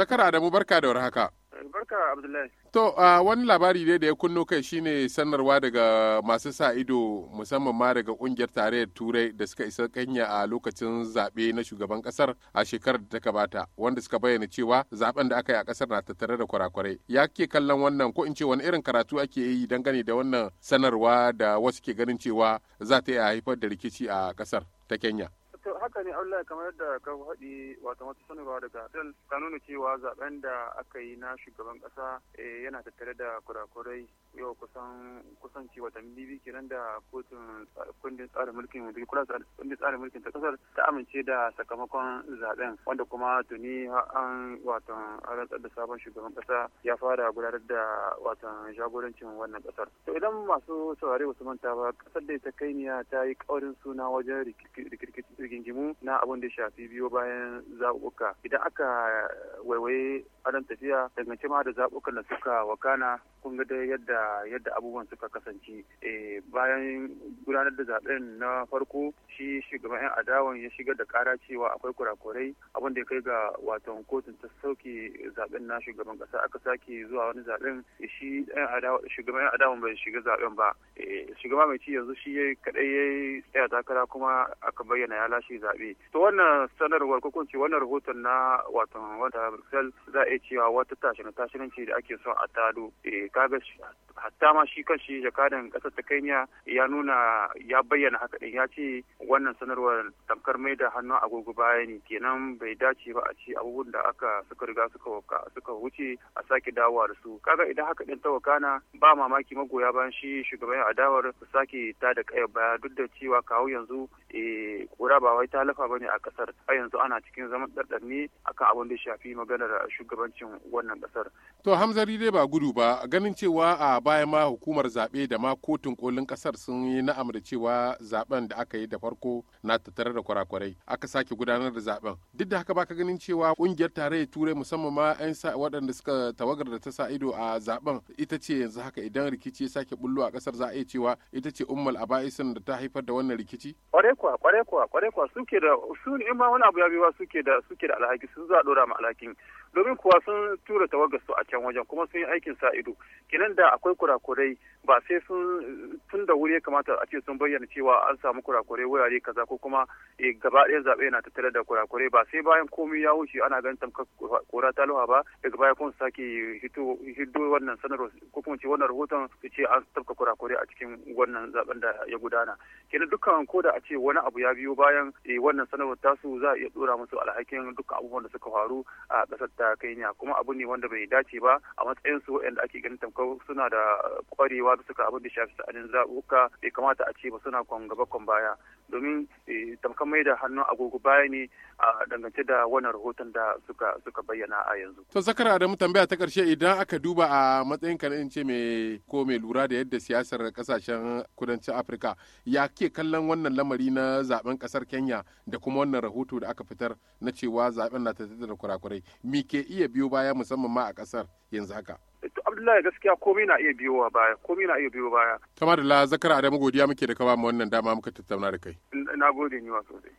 Zakar Adamu barka da warhaka. Barka Abdullahi. To wani labari ne da ya kunno kai shine sanarwa daga masu sa ido musamman ma daga kungiyar tarayyar turai da suka isa kanya a lokacin zaɓe na shugaban kasar a shekarar da ta gabata wanda suka bayyana cewa zaben da aka yi a kasar na tattare da kurakurai. Ya ke kallon wannan ko in ce wani irin karatu ake yi dangane da wannan sanarwa da wasu ke ganin cewa za ta iya haifar da rikici a kasar ta Kenya. haka ne Allah kamar yadda ka faɗi wato masu sanarwa daga Hatel ta nuna cewa zaben da aka yi na shugaban ƙasa eh, yana tattare da kurakurai yau kusan kusanci watanni biyu kenan da kotun kundin tsarin mulkin da kula kundin tsarin mulkin ta kasar ta amince da sakamakon zaben wanda kuma tuni an wato rantsar da sabon shugaban kasa ya fara gudanar da wato jagorancin wannan kasar to idan masu saurare wasu manta ba kasar da ta kai niya ta yi kaurin suna wajen rigingimu na abun da shafi biyo bayan zaɓuɓɓuka idan aka waiwaye adan tafiya dangance ma da zabukan da suka wakana kun ga yadda yadda abubuwan suka kasance eh, bayan gudanar da zaben na farko shi shugaban 'yan adawan ya shigar da kara cewa akwai kurakurai abin da ya kai ga wato kotun ta sauke zaɓen na shugaban ƙasa aka sake zuwa wani zaɓen eh, shi shugaban 'yan adawan bai shiga zaɓen ba eh, shugaba mai ci yanzu shi yayi kadai ya tsaya takara kuma aka bayyana ya lashe zabe to wannan sanarwar ko wannan rahoton na wato wanda Brussels za iya cewa wata tashirin tashirin ce da ake son a tado eh, kaga hatta ma shi shi jakadan kasar ta kenya ya nuna ya bayyana haka din ya ce wannan sanarwar tamkar mai da hannun agogo baya ne kenan bai dace ba a ce abubuwan da aka suka riga suka suka wuce a sake dawowa da su kaga idan haka din ta wakana ba mamaki magoya bayan shi shugaban adawar su sake ta da kaya baya duk da cewa kawo yanzu kura eh, ba wai ta lafa ne a kasar a yanzu ana cikin zaman ɗarɗar akan abin da shafi maganar shugaban shugabancin wannan kasar. To Hamzari dai ba gudu ba ganin cewa a baya ma hukumar zaɓe da ma kotun kolin kasar sun yi na'am da cewa zaben da aka yi da farko na tattare da kwarakwarai aka sake gudanar da zaben. Duk da haka baka ganin cewa kungiyar tarayyar turai musamman ma 'yan sa waɗanda suka tawagar da ta sa ido a zaben ita ce yanzu haka idan rikici ya sake bullo a kasar za a iya cewa ita ce ummal aba'isin da ta haifar da wannan rikici. Kwarai kuwa kwarai kuwa kwarai kuwa suke da su ne ma wani abu ya biwa suke da suke da alhaki sun za a ma alhakin domin kuwa kuwa sun tura tawagar su a can wajen kuma sun yi aikin sa ido kenan da akwai kurakurai ba sai sun tun da wuri ya kamata a ce sun bayyana cewa an samu kurakurai wurare kaza ko kuma eh, gaba ɗaya zaɓe yana tattare da kurakurai ba sai bayan komai ya wuce ana ganin tamkar kora ta luha ba daga baya kuma sake hiddo wannan sanarwa ko kuma ce wannan rahoton su ce an tafka kurakurai a cikin wannan zaben da ya gudana kenan dukkan ko da a ce wani abu ya biyo bayan eh, wannan sanarwar tasu za a iya dora musu alhakin dukkan abubuwan da suka faru a ƙasar ta kai hanya kuma abu ne wanda bai dace ba a matsayin su waɗanda ake ganin tamkar suna da kwarewa eh, da suka abin da shafi sa'adin zaɓuka bai kamata a ce ba suna kwan gaba kwan baya domin eh, tamkar mai da hannun agogo baya ne a dangance da wannan rahoton da suka suka bayyana a yanzu. To zakara da mu tambaya ta karshe idan aka duba a matsayin ka in ce mai ko mai lura da yadda siyasar kasashen kudancin Afirka ya ke kallon wannan lamari na zaben kasar Kenya da kuma wannan rahoto da aka fitar na cewa zaben na ta da kurakurai. Me ke iya biyo baya musamman ma a kasar yanzu haka Abdullahi gaskiya komai na iya biyowa baya komai na iya biyo baya kamar la zakar Adamu godiya muke da kawo wannan dama muka tattauna da kai na gode ni wa sosai